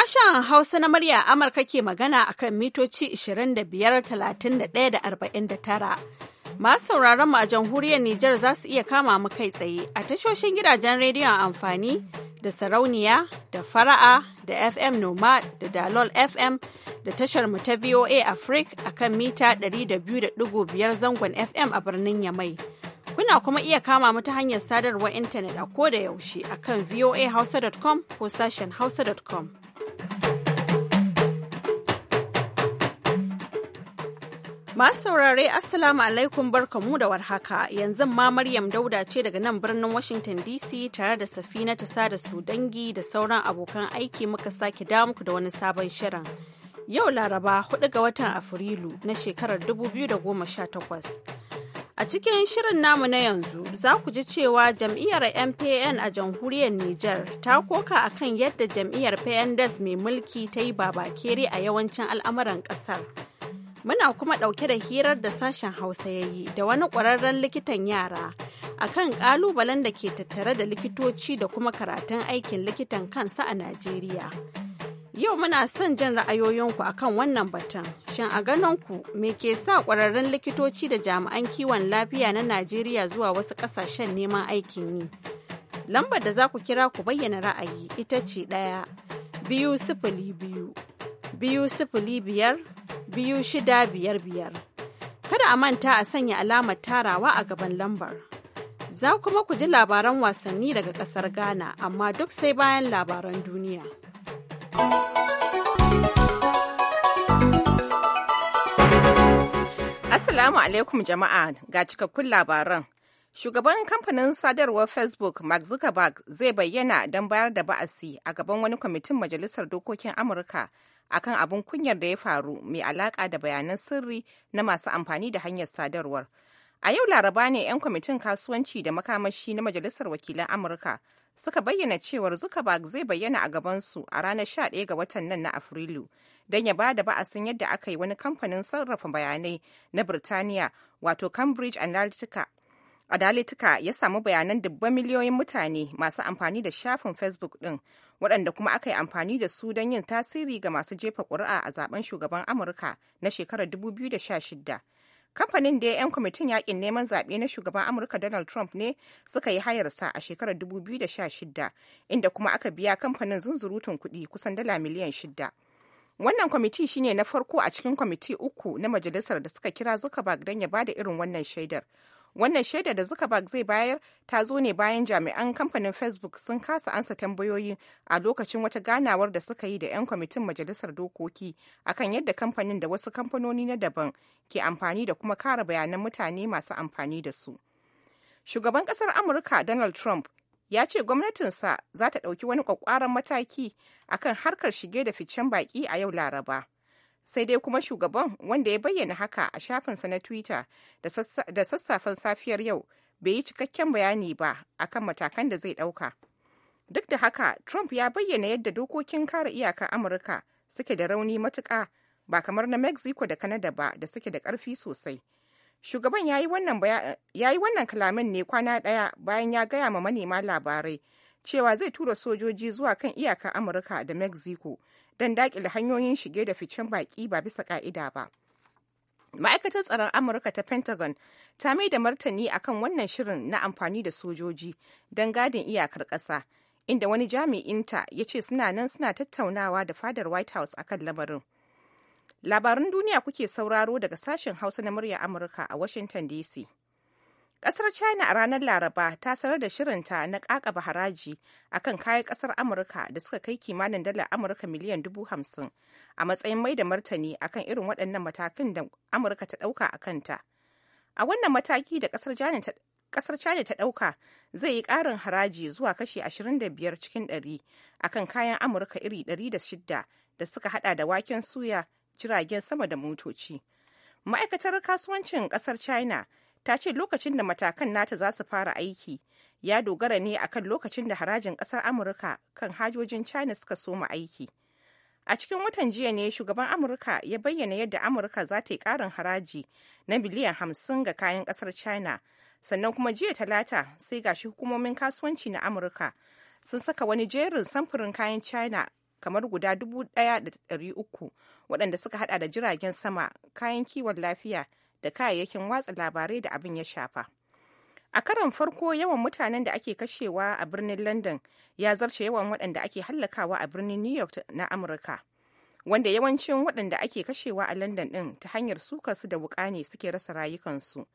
Sashen Hausa na murya Amurka ke magana a kan mitoci 25,31,49. Masu sauraron mu a jamhuriyar Nijar za su iya kama mu kai tsaye a tashoshin gidajen rediyon amfani da sarauniya da fara'a da FM Noma da Dalol FM da tashar mu ta VOA Africa a kan mita 200.5 zangon FM a birnin Yamai. Kuna kuma iya kama mu ta hanyar sadarwar intanet a koda yaushe a kan voahausa.com ko sashen hausa.com. Masu saurare Assalamu alaikum barkamu da warhaka yanzu ma Maryam Dauda ce daga nan birnin Washington DC tare da safina ta sada su dangi da sauran abokan aiki muka sake muku da wani sabon shirin. Yau Laraba 4 ga watan Afrilu na shekarar 2018. A cikin shirin namu na yanzu za ku ji cewa jam'iyyar MPN a jamhuriyar Nijar ta koka a kan yadda jam'iyyar PNDS mai mulki ta yi babakere a yawancin al'amuran ƙasar. Muna kuma ɗauke da hirar da sashen Hausa ya yi da wani ƙwararren likitan yara a kan ƙalubalen da ke tattare da likitoci da kuma karatun aikin likitan kansa a Najeriya. Yau muna son jin ra'ayoyinku akan wannan batun. Shin a ku me ke sa ƙwararrun likitoci da jami'an kiwon lafiya na Najeriya zuwa wasu ƙasashen neman aikin yi? Lambar da za ku kira ku bayyana ra'ayi ita ce ɗaya biyu sifili biyu biyu sifili biyar biyu shida biyar biyar. Kada a manta a sanya alamar tarawa a gaban lambar. Za kuma ku ji labaran wasanni daga ƙasar Ghana amma duk sai bayan labaran duniya. asalamu alaikum jama'a ga cikakkun labaran. Shugaban kamfanin sadarwar Facebook Mark Zuckerberg zai bayyana don bayar da ba'asi a gaban wani kwamitin Majalisar Dokokin Amurka akan abin kunyar da ya faru mai alaka da bayanan sirri na masu amfani da hanyar sadarwar. A yau Laraba ne 'yan kwamitin kasuwanci da makamashi na Majalisar Wakilan Amurka suka bayyana cewar Zuckerberg zai bayyana a gabansu a ranar 11 ga watan nan na Afrilu don ya ba da ba'asin yadda aka yi wani kamfanin sarrafa bayanai na Birtaniya wato Cambridge Analytica Adalitika ya samu bayanan dubban miliyoyin mutane masu amfani da shafin Facebook ɗin, waɗanda kuma aka yi amfani da su don yin tasiri ga masu jefa ƙuri'a a zaben shugaban Amurka na shekarar 2016. kamfanin da 'yan kwamitin yakin neman zaɓe na shugaban amurka donald trump ne suka yi hayarsa a shekarar 2016 inda kuma aka biya kamfanin zunzurutun kuɗi kusan dala miliyan shida wannan kwamiti shine na farko a cikin kwamiti uku na majalisar da suka kira zuckerberg don ya bada irin wannan shaidar Wannan shaidar da Zuckerberg zai bayar ta zo ne bayan jami'an kamfanin Facebook sun kasa ansa tambayoyi a lokacin wata ganawar da suka yi da 'yan kwamitin majalisar dokoki akan yadda kamfanin da wasu kamfanoni na daban ke amfani da kuma kara bayanan mutane masu amfani da su. Shugaban kasar Amurka Donald Trump ya ce gwamnatinsa za ta ɗauki wani ƙwaƙƙwaran mataki akan harkar shige da ficen baƙi a yau Laraba. sai dai kuma shugaban wanda ya bayyana haka a shafinsa na twitter da sassafen safiyar yau bai yi cikakken bayani ba akan matakan da zai ɗauka duk da haka trump ya bayyana yadda dokokin kare iyaka amurka suke da rauni matuka ba kamar na mexico da canada ba da suke da karfi sosai shugaban ya yi wannan kalamin ne kwana daya bayan ya gaya ma manema labarai cewa zai tura sojoji zuwa kan iyaka amurka da mexico don dakile hanyoyin shige da ficen baki ba bisa ka'ida ba ma'aikatar tsaron amurka ta pentagon ta mai da martani akan wannan shirin na amfani da sojoji don gadin iyakar ƙasa inda wani jami'inta ya ce suna nan suna tattaunawa da fadar white house akan lamarin labarun duniya kuke sauraro daga sashen hausa na murya amurka a washington dc Ƙasar China a ranar Laraba ta sanar da shirinta na ƙaƙaba haraji a kan kayan ƙasar Amurka da suka kai kimanin dalar Amurka miliyan dubu hamsin a matsayin mai da martani a kan irin waɗannan matakan da Amurka ta ɗauka a kanta. A wannan mataki da ƙasar China ta ɗauka zai yi ƙarin haraji zuwa kashi 25 cikin 100 a kan kayan Amurka iri 106 da suka haɗa da waken suya, jiragen sama da motoci. Ma'aikatar kasuwancin ƙasar China ta ce lokacin da matakan nata za su fara aiki ya dogara ne akan lokacin da harajin kasar amurka kan hajojin china suka soma aiki a cikin watan jiya ne shugaban amurka ya bayyana yadda amurka za ta yi ƙarin haraji na biliyan hamsin ga kayan kasar china sannan kuma jiya talata sai gashi hukumomin kasuwanci na amurka sun saka wani jerin samfurin kayan china kamar guda dubu da uku waɗanda suka hada da jiragen sama kayan kiwon lafiya da kayayyakin watsa labarai da abin ya shafa a karon farko yawan mutanen da ake kashewa a birnin london ya zarce yawan waɗanda ake hallakawa a birnin new york na amurka wanda yawancin waɗanda ake kashewa a london ɗin ta hanyar su da wuƙa ne suke rasa rayukansu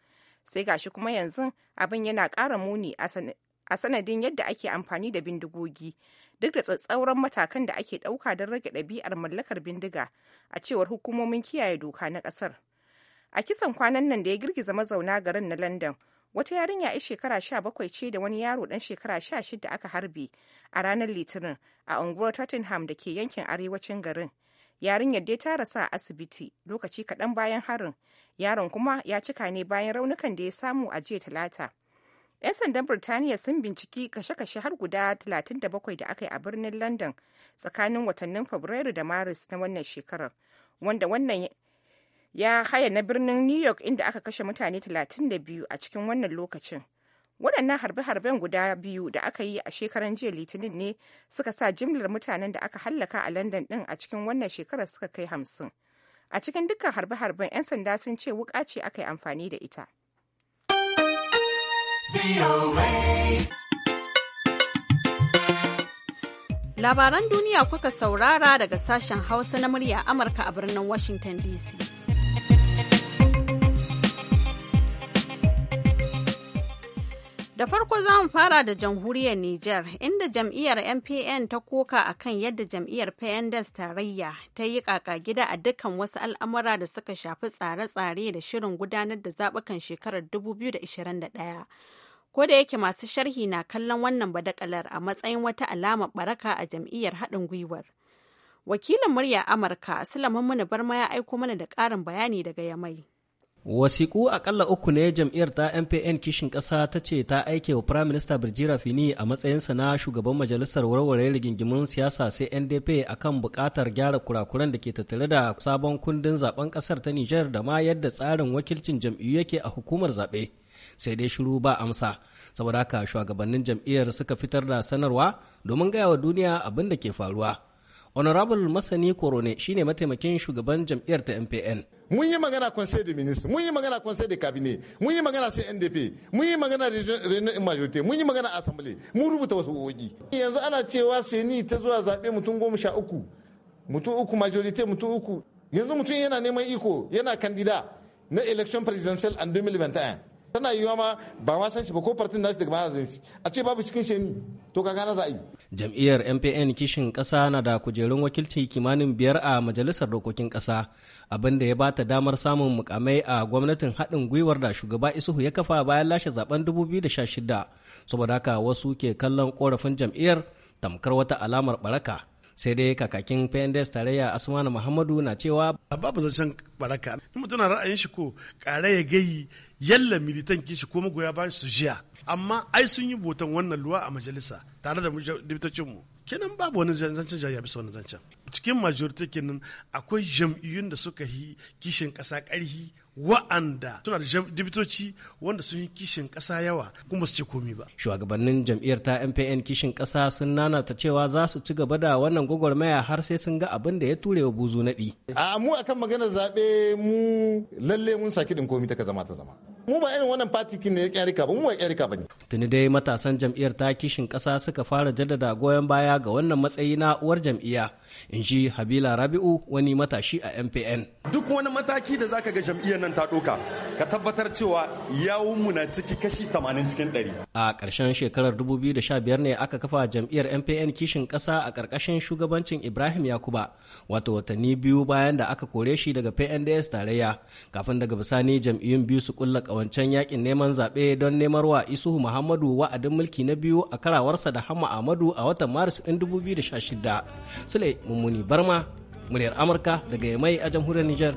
sai gashi kuma yanzu abin yana ƙara muni a sanadin yadda ake amfani da bindigogi duk da tsatsauran matakan da ake ɗauka don rage ɗabi'ar mallakar bindiga a cewar hukumomin kiyaye doka na ƙasar a kisan kwanan nan da ya girgiza mazauna garin na london wata yarinya ya shekara sha bakwai ce da wani yaro dan shekara sha 16 aka harbe a ranar litinin a unguwar tottenham da ke yankin arewacin garin yarinyar dai ta rasa a asibiti lokaci kaɗan bayan harin yaron kuma ya cika ne bayan raunukan da ya samu a jiya talata 'yan sandan birtaniya sun binciki kashe-kashe har guda 37 da aka yi a birnin london tsakanin watannin fabrairu da maris na wannan shekarar wanda wannan ya haya na birnin new york inda aka kashe mutane 32 a cikin wannan lokacin waɗannan harbe-harben guda biyu da aka yi a shekaran jiya litinin ne suka sa jimlar mutanen da aka hallaka a london ɗin a cikin wannan shekarar suka kai hamsin a cikin dukkan harbe-harben 'yan sanda sun ce wuka ce aka yi amfani da ita labaran duniya kuka saurara daga sashen hausa na murya amurka a birnin washington dc Da farko za mu fara da jamhuriyar Nijar, inda jam'iyyar MPN ta koka a kan yadda jam'iyyar PNDS tarayya ta yi kaka gida a dukkan wasu al'amura da suka shafi tsare-tsare da shirin gudanar da zaɓukan shekarar 2021. Ko da yake masu sharhi na kallon wannan badakalar a matsayin wata alamar baraka a jam'iyyar haɗin gwiwar. Wakilin murya Amurka, Sulaiman Muni Barma ya aiko mana da ƙarin bayani daga Yamai. wasiƙu akalla uku ne jam'iyyar ta mpn kishin ƙasa ta ce ta aike wa firayim minista birjira fini a matsayinsa na shugaban majalisar warware rigingimun siyasa sai ndp akan buƙatar gyara kurakuran da ke tattare da sabon kundin zaben ƙasar ta niger da ma yadda tsarin wakilcin jam'iyyu yake a hukumar zaɓe sai dai shiru ba amsa saboda haka shugabannin jam'iyyar suka fitar da sanarwa domin gaya wa duniya abin da ke faruwa honorable masani korone shine mataimakin shugaban jam'iyyar ta mpn mun yi magana conseil de ministre mun yi magana conseil de cabinet mun yi magana cndp mun yi magana regional majorité mun yi magana assemblée mun rubuta wasu wogi yanzu ana cewa seni ta zuwa zaɓe mutum goma sha uku mutum uku majorité mutum uku yanzu mutum yana neman iko yana kandida na election presidential and 2021 tana yiwa ma ba ma san shi ba ko partin nashi daga ma a ce babu cikin sheni to kaga na za a yi jam'iyyar mpn kishin ƙasa na da kujerun wakilci kimanin biyar a majalisar dokokin ƙasa abin da ya bata damar samun mukamai a gwamnatin haɗin gwiwar da shugaba isuhu ya kafa bayan lashe zaben 2016 saboda haka wasu ke kallon korafin jam'iyyar tamkar wata alamar baraka sai dai kakakin pendes tarayya asmanu muhammadu na cewa a babu zancen baraka in mutum na ra'ayin shi ko kare ya gayi yalla militan kishi ko magoya bayan su jiya amma ai sun yi botan wannan luwa a majalisa tare da dibitocin mu kenan babu wani zancen jayya bisa wani zancen cikin majority kenan akwai jam'iyyun da suka yi kishin ƙasa karhi wa'anda suna da dibitoci wanda sun yi kishin ƙasa yawa kuma su ce komi ba. Shugabannin jam'iyyar ta MPN kishin ƙasa sun nanata cewa za su ci gaba da wannan gwagwarmaya har sai sun ga abin da ya ture wa buzu naɗi. A mu akan maganar zaɓe mu lalle mun saki ɗin komi ta zama ta zama. mu ba irin wannan fati ne ya kyarika ba mu ba kyarika ba ne. tuni dai matasan jam'iyyar ta kishin kasa suka fara jaddada goyon baya ga wannan matsayi na uwar jam'iyya in ji habila rabi'u wani matashi a mpn. duk wani mataki da zaka ga jam'iyyar nan ta ɗauka ka tabbatar cewa mu na ciki kashi 80 cikin 100. a ƙarshen shekarar 2015 ne aka kafa jam'iyyar mpn kishin ƙasa a ƙarƙashin shugabancin ibrahim yakuba wato watanni biyu bayan da aka kore shi daga pnds tarayya kafin daga bisani jam'iyyun biyu su kulla wancan yakin neman zaɓe don nemar wa Isuhu Muhammadu wa'adin mulki na biyu a karawarsa da Hamma Ahmadu a watan Maris ɗin 2016. Sule Mummuni Barma, muryar Amurka daga Yamai a jamhuriyar Nijar.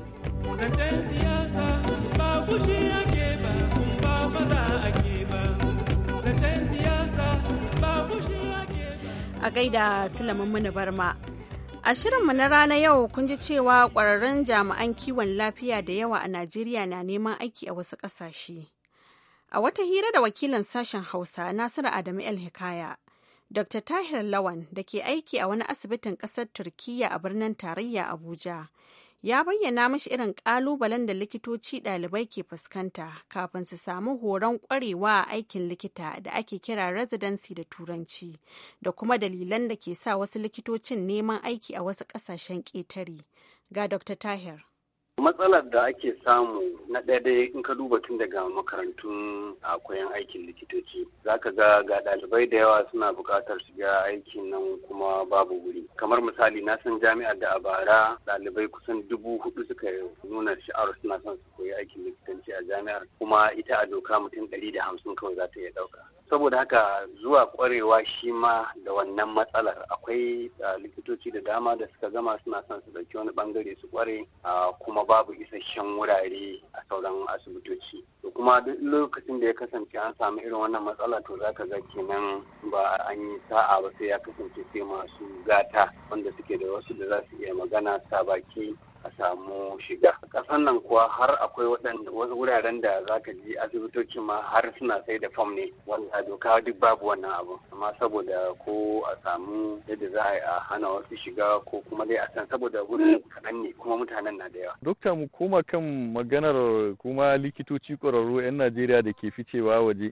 A gaida sulaman mana Barma. A shirinmu na rana yau kun ji cewa ƙwararrun jami'an kiwon lafiya da yawa a Najeriya na neman aiki a wasu ƙasashe. A wata hira da wakilin sashen Hausa Nasiru Adamu El Hikaya, Dr. Tahir Lawan da ke aiki a wani asibitin ƙasar Turkiyya a birnin tarayya Abuja, ya bayyana mashi irin ƙalubalen da likitoci ɗalibai ke fuskanta kafin su samu horon ƙwarewa a aikin likita da ake kira residency da turanci da kuma dalilan da ke sa wasu likitocin neman aiki a wasu ƙasashen ƙetare ga dr tahir matsalar da ake samu na ɗaya dai in ka duba tun daga makarantun koyan aikin likitoci za ka ga ga ɗalibai da yawa suna buƙatar shiga aikin nan kuma babu wuri kamar misali na san jami'ar da a bara ɗalibai kusan dubu hudu suka nuna sha'awar suna son su koyi aikin likitanci a jami'ar kuma ita a doka mutum ɗari da hamsin kawai za ta iya ɗauka saboda haka zuwa kwarewa shi ma da wannan matsalar akwai likitoci da dama da suka gama suna son su dauki wani bangare su kware kuma babu isasshen wurare a sauran asibitoci to kuma duk lokacin da ya kasance an samu irin wannan matsala to zaka ga kenan ba an yi sa'a ba sai ya kasance sai masu gata wanda suke da wasu da za su iya magana sa baki a samu shiga kasan nan kuwa har akwai wasu wuraren da za ka ji asibitoci ma har suna sai da fam ne wanda doka duk babu wannan abu amma saboda ko a samu yadda za a hana wasu shiga ko kuma dai a san saboda wurin kaɗan ne kuma mutanen na da yawa. dokta mu koma kan maganar kuma likitoci ƙwararru 'yan najeriya da ke ficewa waje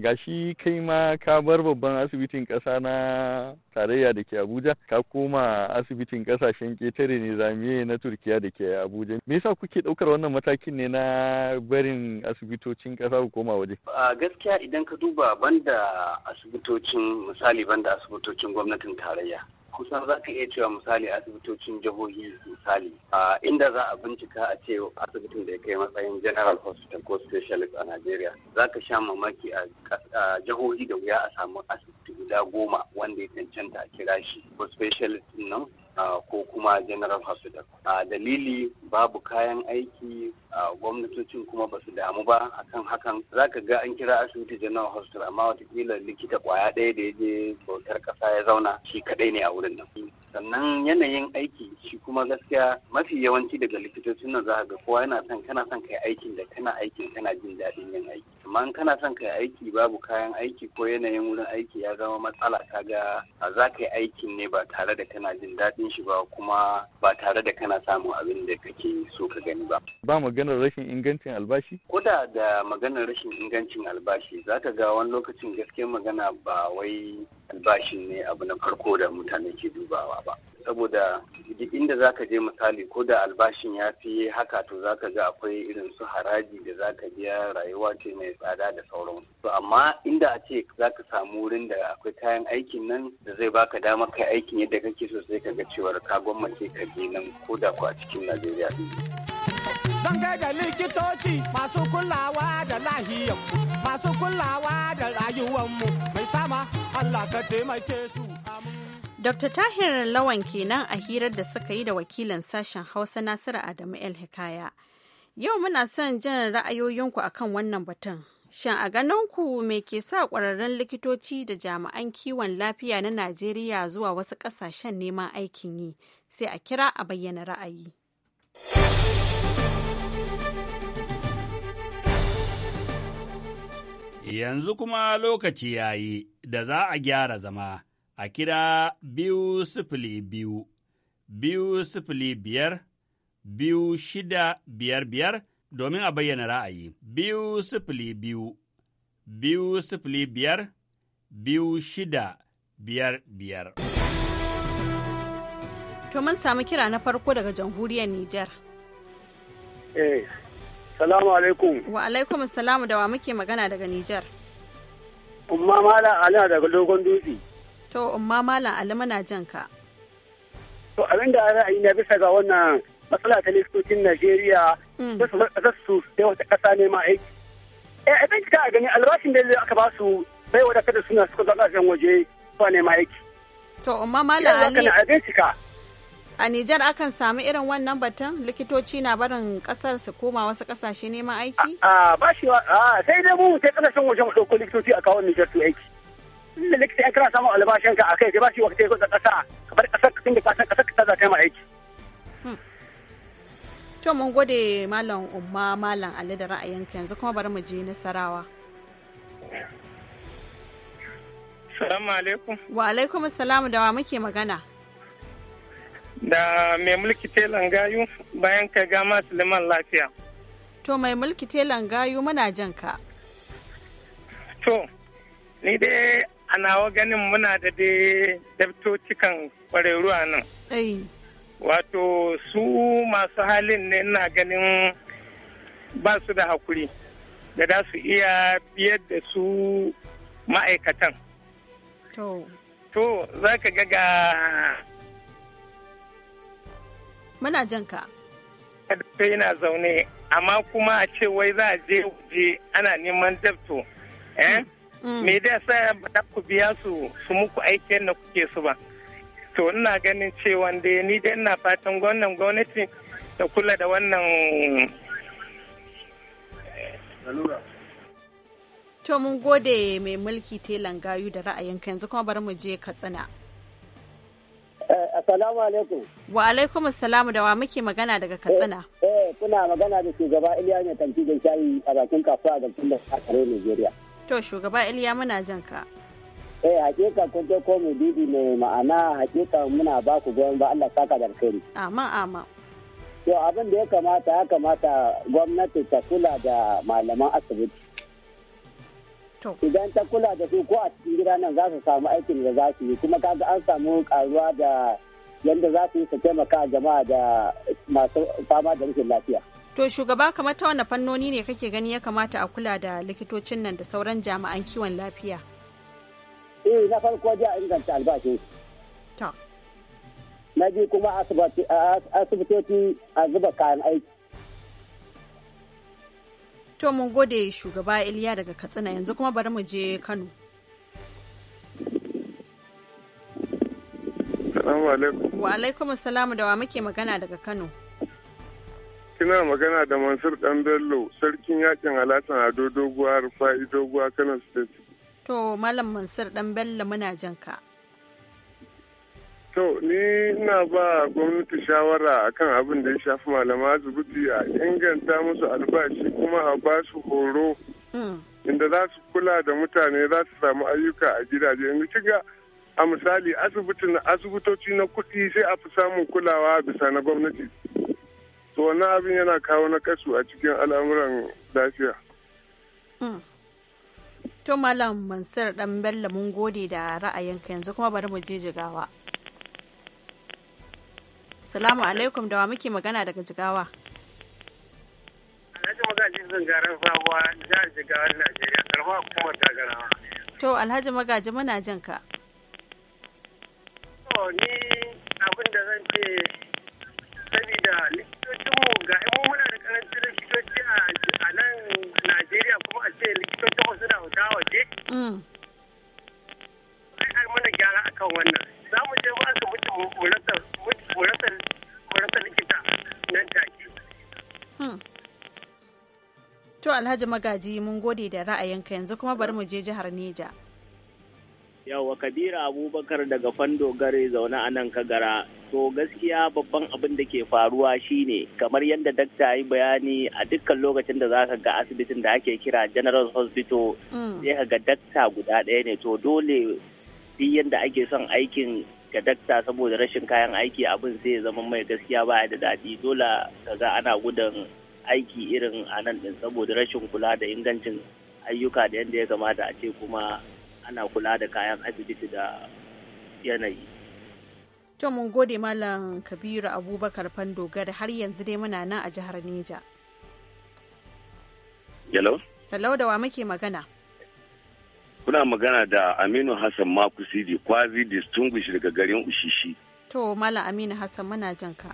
gashi kai ma ka bar babban asibitin ƙasa na tarayya da ke abuja ka koma asibitin ƙasashen ƙetare ne zamiye na turki gaskiya da ke Abuja. Me yasa kuke ɗaukar wannan matakin ne na barin asibitocin ƙasa ku koma waje? A gaskiya idan ka duba banda asibitocin misali banda asibitocin gwamnatin tarayya. kusan za ka iya cewa misali asibitocin jihohi misali a inda za a bincika a ce asibitin da ya kai matsayin general hospital ko specialist a nigeria za ka sha mamaki a jihohi da wuya a samu asibiti guda goma wanda ya cancanta a kira shi ko specialist nan ko kuma general hospital A dalili babu kayan aiki a gwamnatocin kuma ba su damu ba akan hakan zaka ga an kira asibiti general hospital amma watakila likita kwaya ɗaya da ya je bautar ƙasa ya zauna shi kaɗai ne a wurin nan sannan yanayin aiki shi kuma gaskiya mafi yawanci daga likitocin nan za ga kowa yana son kana son kai aikin da kana aikin kana jin daɗin yin aiki amma kana son kai aiki babu kayan aiki ko yanayin wurin aiki ya zama matsala kaga za ka yi aikin ne ba tare da kana jin daɗin shi ba kuma ba tare da kana samun abin da kake so ka gani ba. Ba maganar rashin ingancin albashi? Koda da maganar rashin ingancin albashi za ka ga wani lokacin gaske magana ba wai albashin ne abu na farko da mutane ke dubawa ba saboda inda za ka je misali ko da albashin ya fi haka to za ka ga akwai irin su haraji da za ka biya rayuwa ce mai tsada da sauran to amma inda a ce za ka samu wurin da akwai kayan aikin nan da zai baka dama kai aikin yadda kake so sai ka ga cewar ka gwammace ka je nan ko da ku a cikin najeriya zan kai da likitoci masu kulawa da lahiyar masu kulawa da rayuwanmu mai sama Allah ka taimake su Dr. Tahir Lawan kenan a hirar da suka yi da wakilin sashen Hausa Nasiru Adamu El Hikaya. Yau muna son jin ra'ayoyinku akan wannan batun. Shin a ganin ku me ke sa ƙwararren likitoci da jami'an kiwon lafiya na Najeriya zuwa wasu ƙasashen neman aikin yi? Sai a kira a bayyana ra'ayi. Yanzu kuma lokaci ya yi da za a gyara zama a kira biyu sifili biyu, biyu sifili biyar, biyu shida biyar biyar domin a bayyana ra'ayi. Biyu sifili biyu, biyu sifili biyar, biyu shida biyar biyar. To mun samu kira na farko daga jamhuriyar Nijar. Eh, Salamu alaikum. Wa alaikum salamu da wa muke magana daga Nijar. Umma Malam Alina daga Dogon Dutse. To, Umma Malam Ali muna jan ka. To, abin da yi na bisa ga wannan matsala ta listocin Najeriya hmm. za su sai wata ƙasa ma aiki. Eh, abin ta a gani albashin da aka ba su bai wadatar da suna suka zaɓa waje ne ma aiki. To, Umma Malam Ali. Abin a Nijar akan samu irin wannan batun likitoci na barin kasar su koma wasu kasashe neman aiki? A ba shi sai dai mu sai kasashen waje mu ɗauko likitoci a kawo Nijar su aiki. Inda likita ya kira samun albashin ka a kai sai ba shi wakati ya kusa ƙasa ka bar ƙasar ka tunda kasan ƙasar ka za ta yi ma aiki. Hmm. To mun gode Malam Umma Malam Ali da ra'ayinka yanzu kuma bari mu je Nasarawa. Salamu alaikum. Wa alaikum salamu da wa muke magana. da mai mulki telan gayu bayan ka gama suleiman lafiya to mai mulki telan gayu muna jan ka to ni dai a nawa ganin muna da dai daftocikan kwararru a nan wato su masu halin ne ina ganin ba su da hakuri da za su iya biyar da su ma'aikatan to za ka ga Muna jan ka. yana zaune amma kuma a ce wai za a je waje ana neman dabto. Eh? Mm. Mm. Me da sa ba ku biya su su muku aikin da kuke su ba. To ina ganin cewa da ni da ina fatan gwamnan gwamnati da kula da wannan To mun gode mai mulki telan gayu da ra'ayinka yanzu kuma bari mu je Katsina. Assalamu alaikum. Wa alaikum assalamu da wa muke magana daga Katsina. Eh, eh kuna magana da shugaba Iliya ne kanti da shayi a bakin kasuwa da tun da kare Najeriya. To shugaba Iliya muna jan ka. Eh, hakika kun je ko mu bibi mai ma'ana hakika muna ba ku goyon ba Allah saka da alkhairi. Amma amma. To abin da ya kamata ya kamata gwamnati ta kula da malaman asibiti. Idan ta kula da su ko a cikin gida nan za su samu aikin da za su yi kuma kaga an samu karuwa da yadda za su yi su taimaka jama'a da masu fama da rashin lafiya. To shugaba kamar ta wani fannoni ne kake gani ya kamata a kula da likitocin nan da sauran jami'an kiwon lafiya? Eh na farko a inganta albashi. Ta. Na biyu kuma asibitoci a zuba kayan aiki. To mun gode shugaba Iliya daga Katsina yanzu kuma bari mu je Kano. Assalamu alaikum. da wa muke magana daga Kano. Kina magana da Mansur Dan Bello, sarkin yakin alatan Ado Doguwa Rufa'i Doguwa Kano State. To Malam Mansur Dan Bello muna jan ka. To ni ina ba gwamnati shawara akan abin da ya shafi malama asibiti a inganta musu albashi kuma a ba su horo. Hmm. Inda za su kula da mutane za su samu ayyuka a gidaje. Inda a misali asibitin asibitoci na kuɗi sai a fi samun kulawa bisa na gwamnati to wannan abin yana kawo na kasu a cikin al'amuran lafiya hmm. to malam mansur dan bello mun gode da ra'ayinka yanzu kuma bari mu je jigawa salamu alaikum da wa muke magana daga jigawa alhaji magajin zangaren sabuwa jihar jigawa najeriya karfa hukumar ta to alhaji magaji muna jin ka ni abin da zan ce sabida likitocinmu ga mu muna da karancin likitoci a nan Najeriya kuma a ce likitocin wasu da hauta waje. Sai mm. ai mana gyara akan wannan. Za mu je mu asibiti mu rasa likita nan take. Hmm. To Alhaji Magaji mun gode da ra'ayinka yanzu kuma bari mu je jihar Neja. yawa kabira abubakar daga fando gare zaune a nan kagara to gaskiya babban abin da ke faruwa shine kamar yadda dakta yi bayani a dukkan lokacin da zaka ga asibitin da ake kira general hospital mm. sai ka ga dakta guda ɗaya ne to dole fi yadda ake son aikin ga dakta saboda rashin kayan aiki abin sai ya zama mai gaskiya baya da daɗi dole ka ga ana gudan aiki irin a nan din saboda rashin kula da ingancin ayyuka da yadda ya kamata a ce kuma ana kula da kayan asibiti da yanayi. To mun gode Malam Kabiru Abubakar Fandogar har yanzu dai muna nan a jihar Neja. Yalo? Talau da wa muke magana? Kuna magana da Aminu Hassan di Kwazi Distinguished daga garin Ushishi. To Malam Aminu Hassan muna jan ka.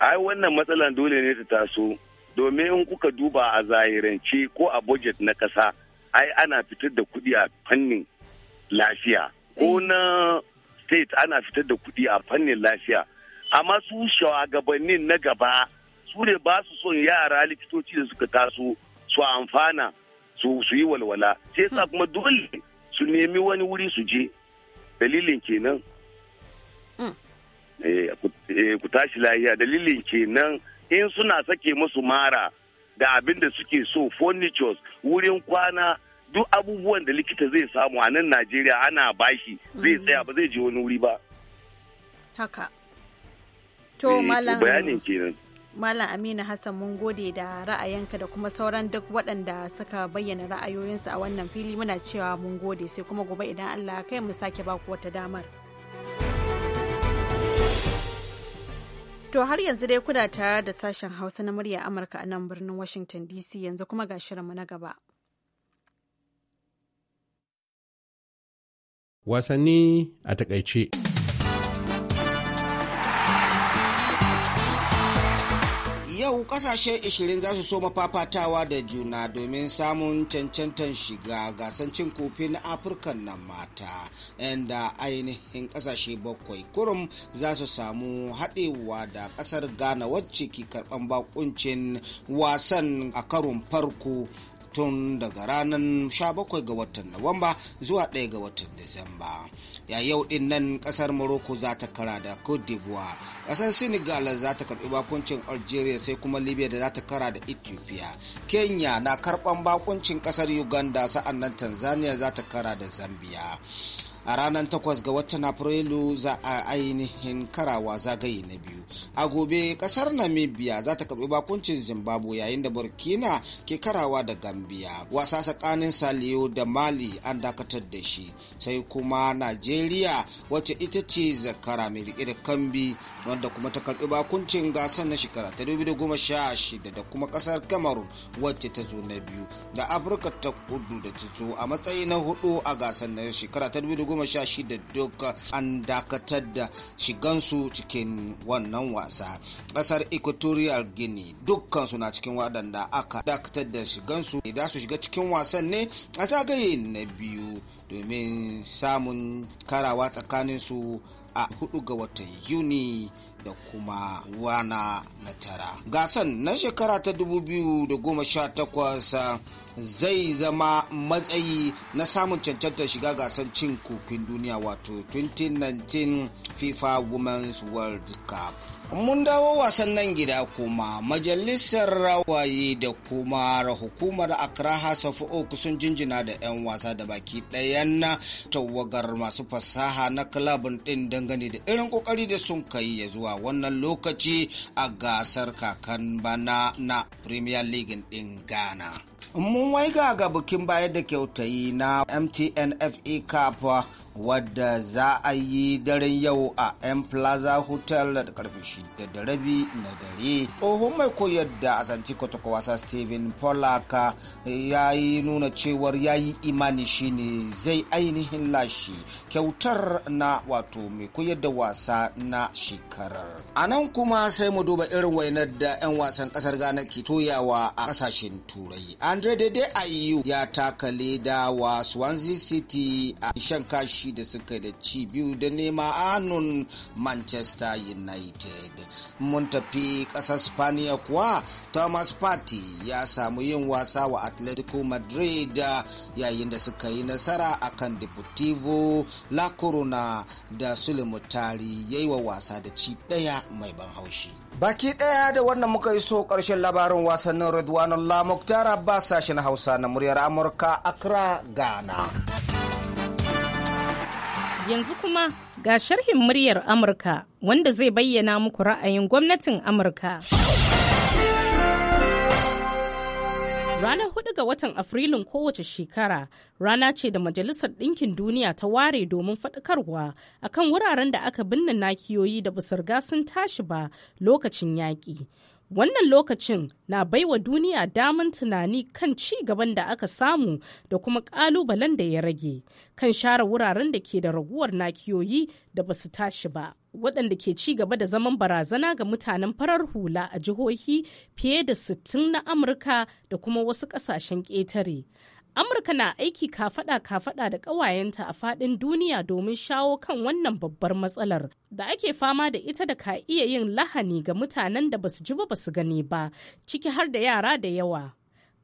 Ai wannan matsalan dole ne ta taso domin in kuka duba a zahirance ko a budget na ƙasa. ai ana fitar da kuɗi a fannin lafiya ko eh. na state ana fitar da kuɗi a fannin lafiya amma su shugabannin na gaba su ne ba su son yara likitoci da suka taso su amfana su yi walwala sai sa hmm. kuma dole su nemi wani wuri su je dalilin kenan hmm. eh, eh, ku tashi lahiya dalilin kenan in suna sake musu mara da abinda suke so furnitures wurin kwana duk abubuwan da likita zai samu a nan najeriya ana bashi zai mm. tsaya ba zai je wani wuri ba haka to eh, malam Aminu Hassan mun gode da ra'ayinka da kuma sauran duk waɗanda suka bayyana ra'ayoyinsu a wannan fili muna cewa mun gode sai kuma gobe idan Allah kai mu sake baku wata damar. To har yanzu dai kuna tare da sashen Hausa na murya Amurka a nan birnin Washington DC yanzu kuma ga shirinmu na gaba. wasanni a takaice. Yau kasashe 20 za su so mafafatawa da juna domin samun cancantan shiga gasan cin kofi na Afirka na mata, inda ainihin kasashe bakwai kurum za su samu haɗewa da ƙasar Ghana wacce ke karɓan bakuncin wasan a karon farko tun daga ranar 17 ga watan Nuwamba zuwa 1 ga watan Disamba. Ya yau din nan kasar Morocco za ta kara da Cote d'Ivoire, kasar Senegal za ta karbi bakuncin Algeria sai kuma Libya da za ta kara da Ethiopia. Kenya na karban bakuncin kasar Uganda sa'annan Tanzania za ta kara da Zambia. a ranar takwas ga watan afrilu za a ainihin karawa zagaye na biyu a gobe kasar namibia za ta karbi bakuncin zimbabwe yayin da burkina ke karawa da gambia wasa tsakanin saliyo da mali an dakatar da shi sai kuma najeriya wacce ita ce zakara mai riƙe da kambi wanda kuma ta karbi bakuncin gasar na shekara ta 2016 da kuma kasar cameroon wacce ta zo na biyu da afirka ta kudu da ta zo a matsayi na hudu a gasar na shekara ta 2016 goma sha shida duk an dakatar da shigansu cikin wannan wasa ƙasar equatorial guinea dukkansu na cikin waɗanda aka dakatar da shigansu da su shiga cikin wasan ne a zagaye na biyu domin samun karawa tsakanin su a hudu ga watan yuni da kuma wana na tara gasan na shekara ta 2018 eh, zai zama matsayi na samun cancantar shiga gasar cin kofin duniya wato 2019 fifa women's world cup mun dawo wasan nan gida kuma majalisar rawaye da kuma hukumar accra house of oak sun jinjina da 'yan wasa da baki ɗayan na tawagar masu fasaha na kilabin ɗin dangane da irin kokari da sun kai ya zuwa wannan lokaci a gasar kakan bana na premier league ɗin ghana mun waiga ga bikin bayar da kyautayi na mtnfa cup wadda za a yi daren yau a M Plaza Hotel da karfe shida da rabi na dare. Tsohon mai koyar da asanci kwatakwa wasa Steven Polaka ya yi nuna cewar ya yi imani shine zai ainihin lashe kyautar na wato mai koyar da wasa na shekarar. A nan kuma sai mu duba irin wainar da 'yan wasan kasar Ghana ke toyawa a kasashen Turai. Andre Dede Ayu ya taka da wa Swansea City a shan kashi shi da suka da ci biyu da nema anun manchester united mun tafi ƙasar spaniya kuwa thomas party ya samu yin wasa wa atletico madrid ah, yayin da suka yi nasara akan deportivo la corona da sulimutari ya yi wa wasa da ci ɗaya mai ban haushi Baki ɗaya da wannan muka yi so karshen labarin wasannin Ridwanullah Muktar Abbas sashen Hausa na muryar Amurka Accra, Ghana. Yanzu kuma ga sharhin muryar Amurka wanda zai bayyana muku ra'ayin gwamnatin Amurka. Ranar hudu ga watan Afrilun kowace shekara rana ce da Majalisar Ɗinkin Duniya ta ware domin faɗakarwa akan wuraren da aka binne nakiyoyi da basu sun tashi ba lokacin yaƙi. Wannan lokacin na baiwa duniya daman tunani kan ci gaban da aka samu da kuma kalubalen da ya rage, kan share wuraren da ke da raguwar nakiyoyi da ba su tashi ba. waɗanda ke ci gaba da zaman barazana ga mutanen farar hula a jihohi fiye da sittin na Amurka da kuma wasu ƙasashen ƙetare. Amurka na aiki kafada-kafada da ƙawayenta a faɗin duniya domin shawo kan wannan babbar matsalar da ake fama da ita da ka iya yin lahani ga mutanen da basu ji ba basu gani ba, ciki har da yara da yawa.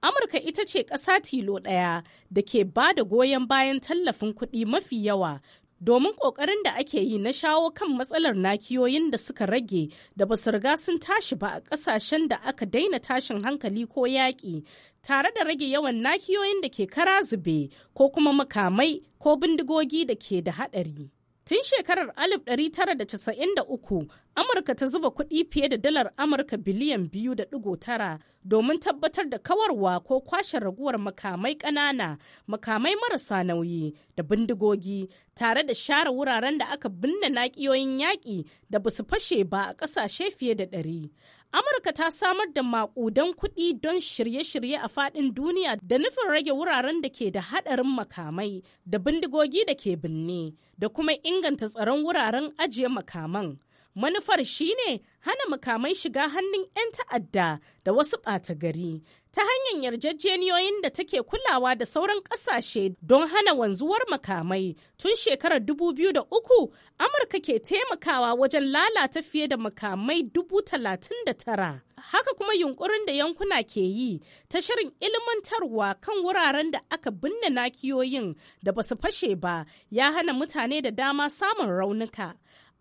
Amurka ita ce ƙasa tilo ɗaya da ke ba da goyon bayan tallafin kuɗi mafi yawa domin ƙoƙarin da ake yi na shawo kan matsalar nakiyoyin da suka rage da basu riga sun tashi ba a ƙasashen da aka daina tashin hankali ko yaƙi tare da rage yawan nakiyoyin da ke kara zube ko kuma makamai ko bindigogi da ke da haɗari. Tun shekarar 1993, Amurka ta zuba kuɗi fiye da dalar Amurka biliyan biyu da ɗigo tara domin tabbatar da kawarwa ko kwashe raguwar makamai ƙanana, makamai marasa nauyi da bindigogi, tare da share wuraren da aka binne naƙiyoyin yaƙi da ba su fashe ba a ƙasashe fiye da ɗari. Amurka ta samar da maƙudan kuɗi don shirye-shirye a faɗin duniya da nufin rage wuraren da ke da haɗarin makamai da bindigogi da ke binne da kuma inganta tsaron wuraren ajiye makaman. Manufar shine hana makamai shiga hannun 'yan ta'adda da wasu ɓata gari ta hanyar yarjejeniyoyin da take kulawa da sauran ƙasashe don hana wanzuwar makamai. Tun shekarar 2003, Amurka ke taimakawa wajen lalata fiye da makamai 39,000. Haka kuma yunkurin da yankuna ke yi ta shirin ilmantarwa kan wuraren da aka binne nakiyoyin da basu fashe ba ya hana mutane da dama samun raunuka.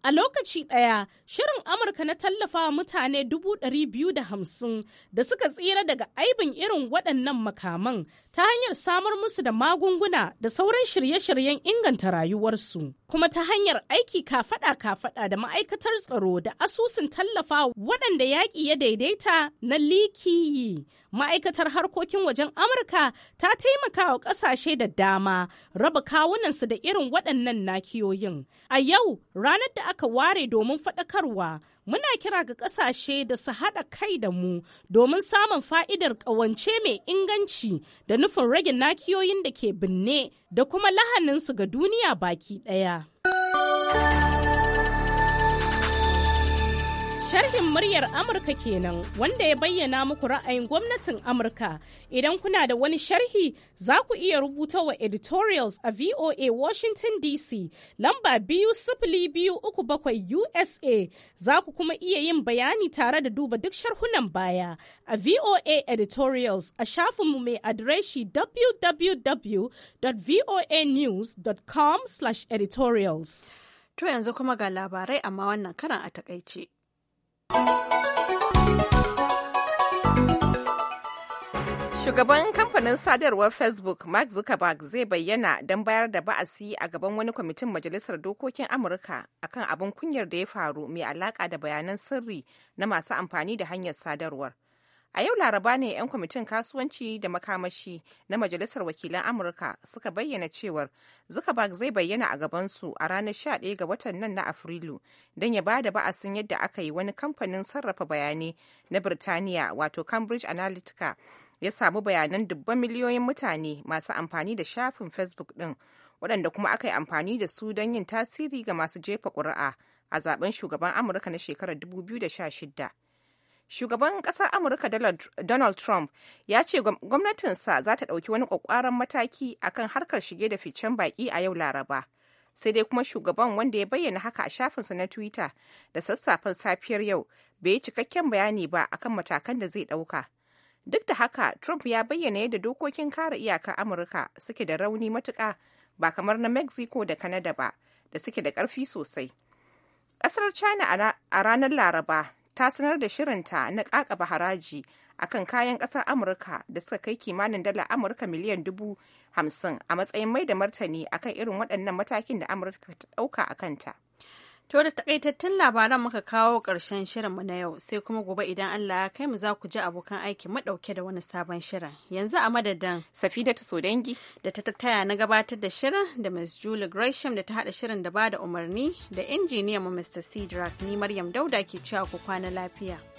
A lokaci ɗaya, shirin Amurka na tallafa mutane dubu ɗari biyu da hamsin da suka tsira daga aibin irin waɗannan makaman ta hanyar samar musu da magunguna da sauran shirye-shiryen inganta rayuwarsu, kuma ta hanyar aiki kafaɗa-kafaɗa da ma'aikatar tsaro da asusun tallafa waɗanda yaƙi ya daidaita na likiyi. ma'aikatar harkokin wajen amurka ta taimaka wa ƙasashe da dama raba kawunansu da irin waɗannan nakiyoyin a yau ranar da aka ware domin faɗakarwa muna kira ga kasashe da su haɗa kai da mu domin samun fa'idar ƙawance mai inganci da nufin rage nakiyoyin da ke binne da kuma lahaninsu ga duniya baki ɗaya. Sharhin muryar Amurka kenan wanda ya bayyana muku ra'ayin gwamnatin Amurka. Idan kuna da wani sharhi za ku iya rubuta wa editorials a VOA Washington DC lamba biyu sifili biyu uku bakwai USA za ku kuma iya yin bayani tare da duba duk sharhunan baya a VOA editorials a mu mai adireshi www.voanews.com/editorials. To yanzu kuma ga labarai amma wannan karan a takaice. Shugaban kamfanin sadarwar Facebook Mark Zuckerberg zai bayyana don bayar da ba'asi a gaban wani kwamitin Majalisar Dokokin Amurka akan abin kunyar da ya faru mai alaka da bayanan sirri na masu amfani da hanyar sadarwar. A yau Laraba ne 'yan kwamitin kasuwanci da makamashi na Majalisar Wakilan Amurka suka bayyana cewar Zuckerberg zai bayyana a gabansu a ranar 11 ga watan nan na Afrilu don ya ba da ba'asin yadda aka yi wani kamfanin sarrafa bayanai na Birtaniya wato Cambridge Analytica ya samu bayanan dubban miliyoyin mutane masu amfani da shafin Facebook ɗin waɗanda kuma aka yi amfani da su don yin tasiri ga masu jefa ƙuri'a a zaben shugaban Amurka na shekarar 2016. shugaban kasar amurka donald trump ya ce gwamnatinsa za ta ɗauki wani ƙwaƙƙwaran mataki akan harkar shige da ficen baƙi a yau laraba sai dai kuma shugaban wanda ya bayyana haka a shafinsa na twitter da sassafen safiyar yau bai yi cikakken bayani ba akan matakan da zai ɗauka duk da haka trump ya bayyana yadda dokokin kare iyakar amurka suke da rauni matuƙa ba kamar na mexico da canada ba da suke da ƙarfi sosai ƙasar china a ranar laraba ta sanar da shirinta na kakaba haraji akan kayan ƙasar amurka da suka kai kimanin dala amurka miliyan dubu hamsin a matsayin mai da martani akan irin waɗannan matakin da amurka ta ɗauka a kanta. To da takaitattun labaran muka kawo ƙarshen shirinmu na yau sai kuma gobe idan Allah ya kai mu za ku ji abokan aiki madauke da wani sabon shirin. Yanzu a madadin Safida ta Sodangi da ta tattaya na gabatar da shirin da Ms. Julie Gresham da ta haɗa shirin da ba da umarni da injiniyan mu Mr. Cedric ni Maryam Dauda ke cewa ku kwana lafiya.